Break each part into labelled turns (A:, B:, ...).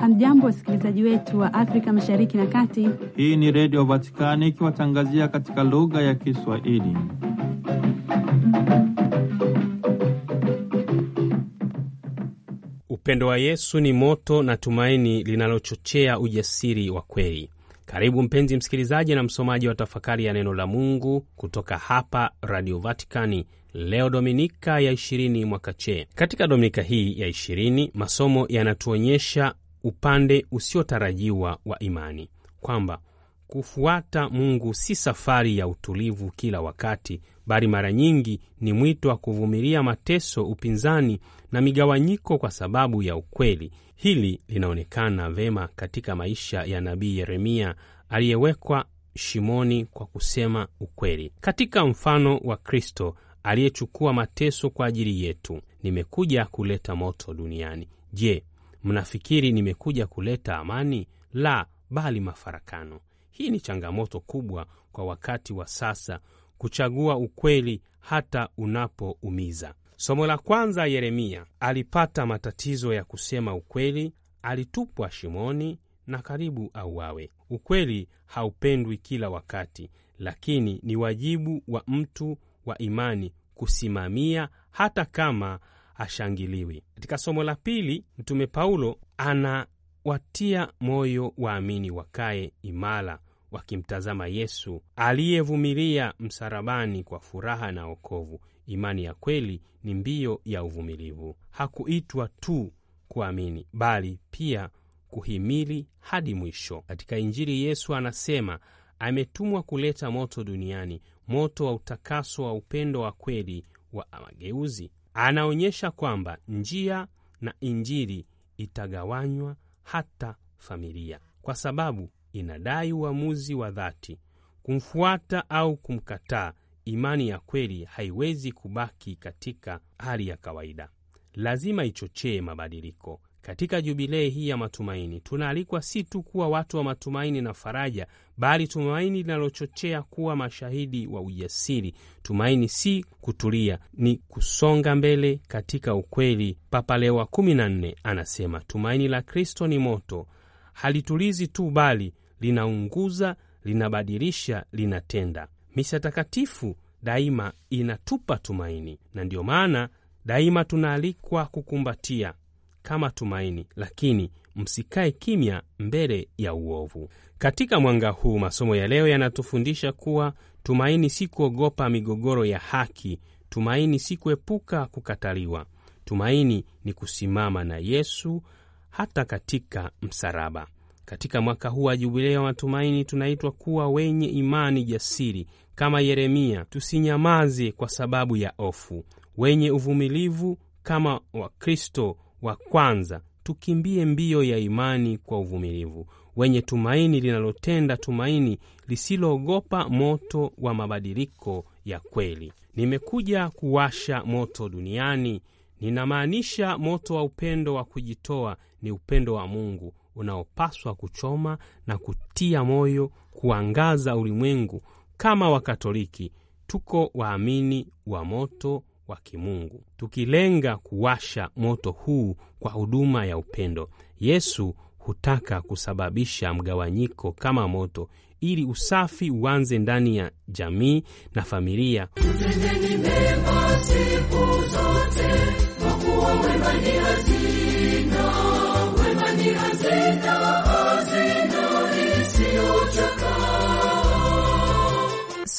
A: Hamjambo, wasikilizaji wetu wa Afrika mashariki na kati.
B: Hii ni Redio Vatikani ikiwatangazia katika lugha ya Kiswahili. Upendo wa Yesu ni moto na tumaini linalochochea ujasiri wa kweli. Karibu mpenzi msikilizaji na msomaji wa tafakari ya neno la Mungu kutoka hapa Radio vaticani Leo dominika ya 20 mwaka C. Katika dominika hii ya 20 masomo yanatuonyesha upande usiotarajiwa wa imani, kwamba kufuata Mungu si safari ya utulivu kila wakati, bali mara nyingi ni mwito wa kuvumilia mateso, upinzani na migawanyiko kwa sababu ya ukweli Hili linaonekana vema katika maisha ya nabii Yeremia aliyewekwa shimoni kwa kusema ukweli, katika mfano wa Kristo aliyechukua mateso kwa ajili yetu. Nimekuja kuleta moto duniani. Je, mnafikiri nimekuja kuleta amani? La, bali mafarakano. Hii ni changamoto kubwa kwa wakati wa sasa, kuchagua ukweli hata unapoumiza. Somo la kwanza, Yeremia alipata matatizo ya kusema ukweli, alitupwa shimoni na karibu auawe. Ukweli haupendwi kila wakati, lakini ni wajibu wa mtu wa imani kusimamia hata kama ashangiliwi. Katika somo la pili, Mtume Paulo anawatia moyo waamini wakae imara wakimtazama Yesu aliyevumilia msalabani kwa furaha na wokovu. Imani ya kweli ni mbio ya uvumilivu. Hakuitwa tu kuamini, bali pia kuhimili hadi mwisho. Katika Injili Yesu anasema ametumwa kuleta moto duniani, moto wa utakaso wa upendo wa kweli wa mageuzi. Anaonyesha kwamba njia na Injili itagawanywa hata familia, kwa sababu inadai uamuzi wa dhati, kumfuata au kumkataa, imani ya kweli haiwezi kubaki katika hali ya kawaida, lazima ichochee mabadiliko. Katika jubilei hii ya matumaini, tunaalikwa si tu kuwa watu wa matumaini na faraja, bali tumaini linalochochea kuwa mashahidi wa ujasiri. Tumaini si kutulia, ni kusonga mbele katika ukweli. Papa Leo wa kumi na nne anasema tumaini la Kristo ni moto, halitulizi tu, bali linaunguza, linabadilisha, linatenda. Misa takatifu daima inatupa tumaini, na ndiyo maana daima tunaalikwa kukumbatia kama tumaini, lakini msikae kimya mbele ya uovu. Katika mwanga huu, masomo ya leo yanatufundisha kuwa tumaini si kuogopa migogoro ya haki. Tumaini si kuepuka kukataliwa. Tumaini ni kusimama na Yesu hata katika msalaba. Katika mwaka huu wa Jubilei ya matumaini tunaitwa kuwa wenye imani jasiri kama Yeremia, tusinyamaze kwa sababu ya hofu, wenye uvumilivu kama Wakristo wa kwanza, tukimbie mbio ya imani kwa uvumilivu, wenye tumaini linalotenda, tumaini lisiloogopa moto wa mabadiliko ya kweli. Nimekuja kuwasha moto duniani, ninamaanisha moto wa upendo wa kujitoa, ni upendo wa Mungu unaopaswa kuchoma na kutia moyo kuangaza ulimwengu. Kama Wakatoliki tuko waamini wa moto wa kimungu, tukilenga kuwasha moto huu kwa huduma ya upendo. Yesu hutaka kusababisha mgawanyiko kama moto, ili usafi uanze ndani ya jamii na familia. Tendeni mema siku zote,
A: kwa kuwa wema ni hazina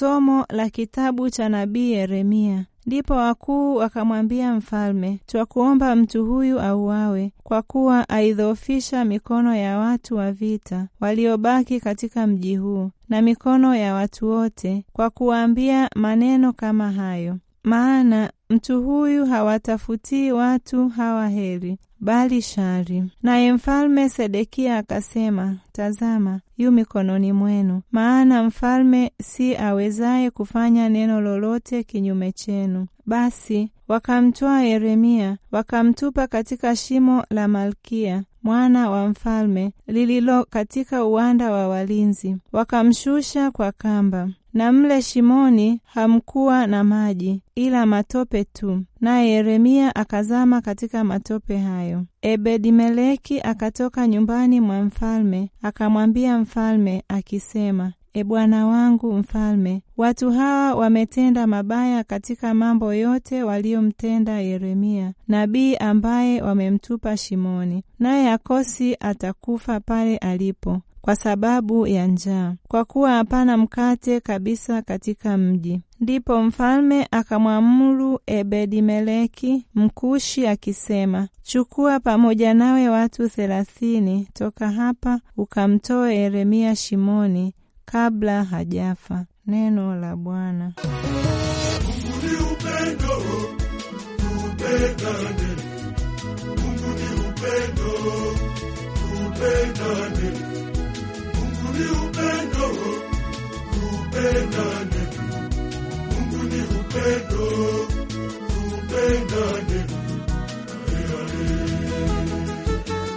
A: somo la kitabu cha nabii Yeremia. Ndipo wakuu wakamwambia mfalme, twakuomba mtu huyu auawe, kwa kuwa aidhoofisha mikono ya watu wa vita waliobaki katika mji huu na mikono ya watu wote, kwa kuwaambia maneno kama hayo. Maana mtu huyu hawatafutii watu hawa heri, bali shari. Naye mfalme Sedekia akasema, tazama, yu mikononi mwenu, maana mfalme si awezaye kufanya neno lolote kinyume chenu. Basi wakamtoa Yeremia, wakamtupa katika shimo la Malkia mwana wa mfalme lililo katika uwanda wa walinzi, wakamshusha kwa kamba na mle shimoni hamkuwa na maji ila matope tu, naye Yeremia akazama katika matope hayo. Ebedimeleki akatoka nyumbani mwa mfalme akamwambia mfalme akisema, E bwana wangu mfalme, watu hawa wametenda mabaya katika mambo yote waliomtenda Yeremia nabii ambaye wamemtupa shimoni, naye Akosi atakufa pale alipo kwa sababu ya njaa, kwa kuwa hapana mkate kabisa katika mji. Ndipo mfalme akamwamuru Ebedimeleki Mkushi akisema, chukua pamoja nawe watu thelathini toka hapa, ukamtoe Yeremia shimoni kabla hajafa. Neno la Bwana. Mungu ni upendo,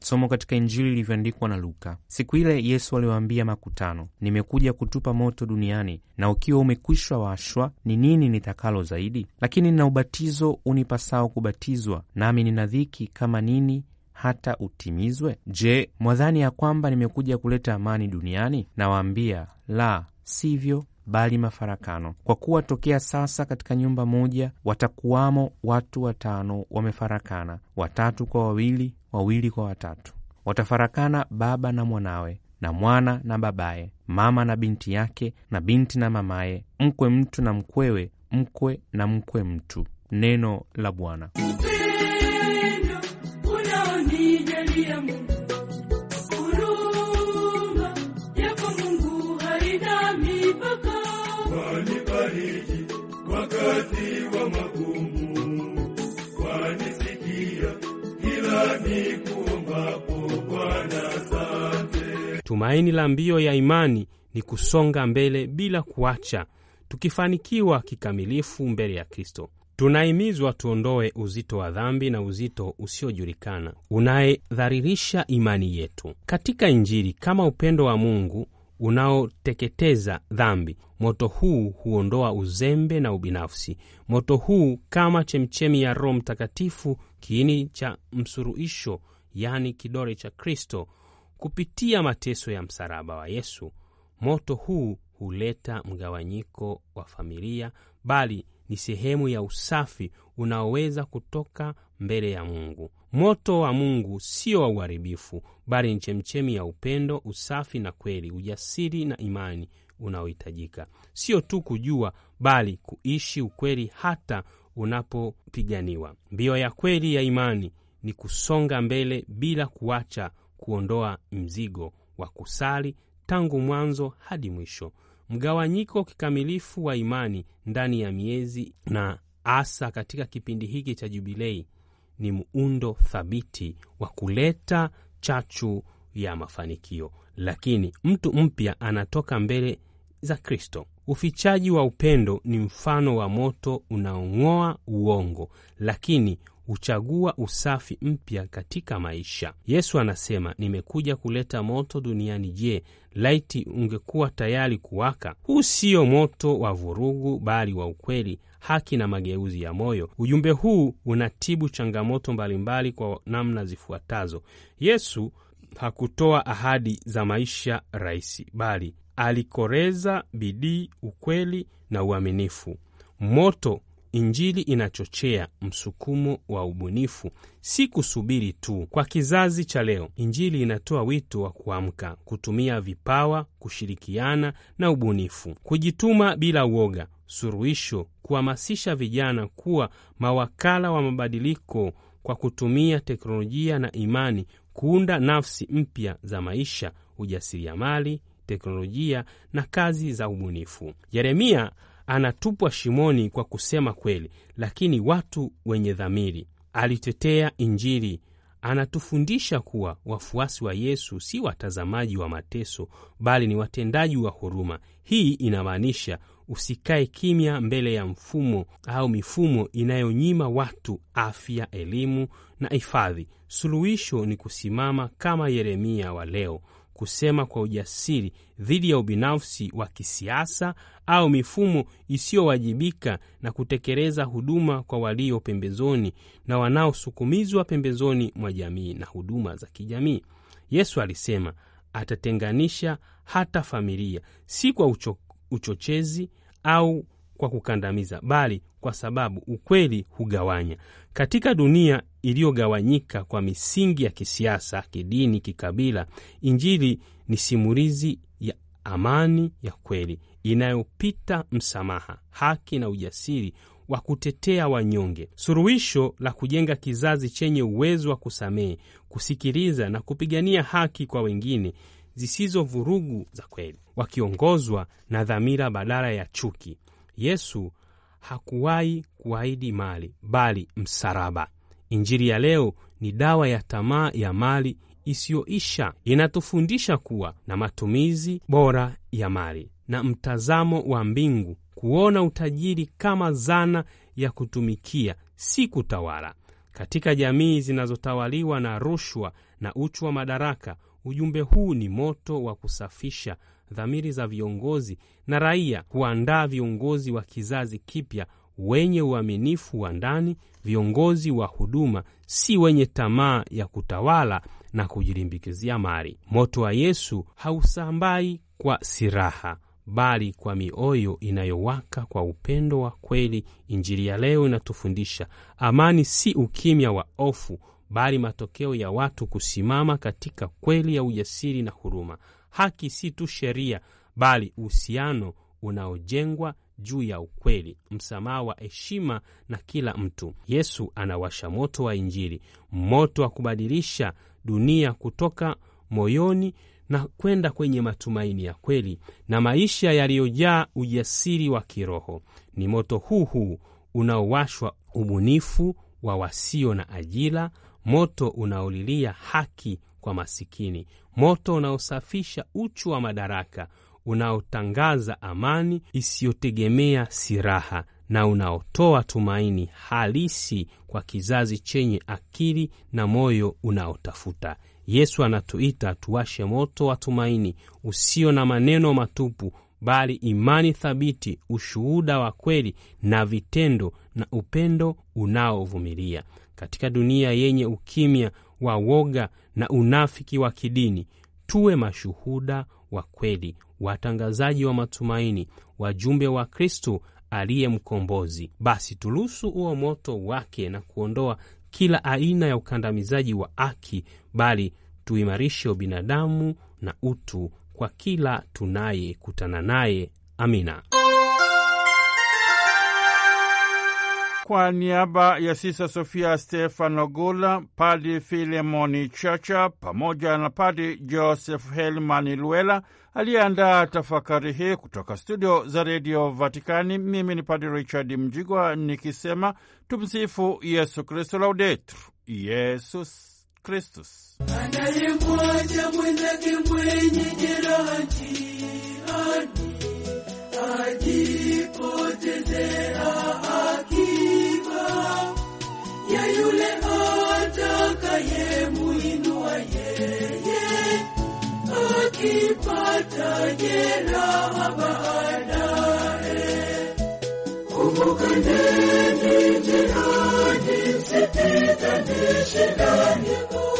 B: Somo katika Injili ilivyoandikwa na Luka. Siku ile Yesu aliwaambia makutano, nimekuja kutupa moto duniani, na ukiwa umekwishwa washwa, ni nini nitakalo zaidi? Lakini nina ubatizo unipasao kubatizwa, nami nina dhiki kama nini hata utimizwe? Je, mwadhani ya kwamba nimekuja kuleta amani duniani? Nawaambia la sivyo, bali mafarakano. Kwa kuwa tokea sasa katika nyumba moja watakuwamo watu watano wamefarakana, watatu kwa wawili, wawili kwa watatu. Watafarakana baba na mwanawe na mwana na babaye, mama na binti yake, na binti na mamaye, mkwe mtu na mkwewe, mkwe na mkwe mtu. Neno la Bwana. Tumaini la mbio ya imani ni kusonga mbele bila kuacha, tukifanikiwa kikamilifu mbele ya Kristo. Tunahimizwa tuondoe uzito wa dhambi na uzito usiojulikana unayedharirisha imani yetu katika Injili kama upendo wa Mungu unaoteketeza dhambi. Moto huu huondoa uzembe na ubinafsi. Moto huu kama chemchemi ya Roho Mtakatifu kiini cha msuruhisho, yani kidole cha Kristo, kupitia mateso ya msalaba wa Yesu. Moto huu huleta mgawanyiko wa familia, bali ni sehemu ya usafi unaoweza kutoka mbele ya Mungu. Moto wa Mungu sio wa uharibifu, bali ni chemchemi ya upendo, usafi na kweli, ujasiri na imani unaohitajika sio tu kujua, bali kuishi ukweli hata unapopiganiwa. Mbio ya kweli ya imani ni kusonga mbele bila kuacha, kuondoa mzigo wa kusali tangu mwanzo hadi mwisho, mgawanyiko kikamilifu wa imani ndani ya miezi na asa katika kipindi hiki cha Jubilei ni muundo thabiti wa kuleta chachu ya mafanikio, lakini mtu mpya anatoka mbele za Kristo. Ufichaji wa upendo ni mfano wa moto unaong'oa uongo, lakini huchagua usafi mpya katika maisha. Yesu anasema, nimekuja kuleta moto duniani. Je, laiti ungekuwa tayari kuwaka? Huu sio moto wa vurugu, bali wa ukweli, haki na mageuzi ya moyo. Ujumbe huu unatibu changamoto mbalimbali kwa namna zifuatazo. Yesu hakutoa ahadi za maisha rahisi, bali alikoreza bidii, ukweli na uaminifu. Moto Injili inachochea msukumo wa ubunifu, si kusubiri tu. Kwa kizazi cha leo, Injili inatoa wito wa kuamka, kutumia vipawa, kushirikiana na ubunifu, kujituma bila uoga, suruhisho, kuhamasisha vijana kuwa mawakala wa mabadiliko kwa kutumia teknolojia na imani, kuunda nafsi mpya za maisha, ujasiriamali, teknolojia na kazi za ubunifu. Yeremia anatupwa shimoni kwa kusema kweli, lakini watu wenye dhamiri. Alitetea Injili, anatufundisha kuwa wafuasi wa Yesu si watazamaji wa mateso, bali ni watendaji wa huruma. Hii inamaanisha usikae kimya mbele ya mfumo au mifumo inayonyima watu afya, elimu na hifadhi. Suluhisho ni kusimama kama Yeremia wa leo, kusema kwa ujasiri dhidi ya ubinafsi wa kisiasa au mifumo isiyowajibika na kutekeleza huduma kwa walio pembezoni na wanaosukumizwa pembezoni mwa jamii na huduma za kijamii. Yesu alisema atatenganisha hata familia, si kwa ucho, uchochezi au kwa kukandamiza, bali kwa sababu ukweli hugawanya. Katika dunia iliyogawanyika kwa misingi ya kisiasa, kidini, kikabila, Injili ni simulizi ya amani ya kweli inayopita msamaha, haki na ujasiri wa kutetea wanyonge, suluhisho la kujenga kizazi chenye uwezo wa kusamehe, kusikiliza na kupigania haki kwa wengine zisizo vurugu za kweli, wakiongozwa na dhamira badala ya chuki. Yesu hakuwahi kuahidi mali, bali msalaba. Injili ya leo ni dawa ya tamaa ya mali isiyoisha. Inatufundisha kuwa na matumizi bora ya mali na mtazamo wa mbingu, kuona utajiri kama zana ya kutumikia, si kutawala. Katika jamii zinazotawaliwa na rushwa na uchu wa madaraka, ujumbe huu ni moto wa kusafisha dhamiri za viongozi na raia, kuandaa viongozi wa kizazi kipya wenye uaminifu wa ndani viongozi wa huduma si wenye tamaa ya kutawala na kujilimbikizia mali. Moto wa Yesu hausambai kwa silaha, bali kwa mioyo inayowaka kwa upendo wa kweli. Injili ya leo inatufundisha amani si ukimya wa hofu, bali matokeo ya watu kusimama katika kweli ya ujasiri na huruma. Haki si tu sheria, bali uhusiano unaojengwa juu ya ukweli, msamaha wa heshima na kila mtu. Yesu anawasha moto wa Injili, moto wa kubadilisha dunia kutoka moyoni na kwenda kwenye matumaini ya kweli na maisha yaliyojaa ujasiri wa kiroho. Ni moto huu huu unaowashwa ubunifu wa wasio na ajira, moto unaolilia haki kwa masikini, moto unaosafisha uchu wa madaraka, unaotangaza amani isiyotegemea silaha na unaotoa tumaini halisi kwa kizazi chenye akili na moyo unaotafuta. Yesu anatuita tuwashe moto wa tumaini usio na maneno matupu, bali imani thabiti, ushuhuda wa kweli na vitendo, na upendo unaovumilia. Katika dunia yenye ukimya wa woga na unafiki wa kidini, tuwe mashuhuda wa kweli, watangazaji wa matumaini, wajumbe wa Kristu aliye mkombozi. Basi turuhusu huo moto wake na kuondoa kila aina ya ukandamizaji wa haki, bali tuimarishe ubinadamu na utu kwa kila tunayekutana naye. Amina. Kwa niaba ya Sisa Sofia Stefano Gula, Padi Filemoni Chacha pamoja na Padi Joseph Helmani Luela aliyeandaa tafakari hii kutoka studio za redio Vatikani. Mimi ni Padi Richard Mjigwa nikisema tumsifu Yesu Kristu, laudetur Yesus Kristus. Anayemwacha mwenzake mwenye yule atakaye muinua yeye
A: akipata jeraha baadaye. Kumbukeni jirani,
B: msipitanishe
A: ndani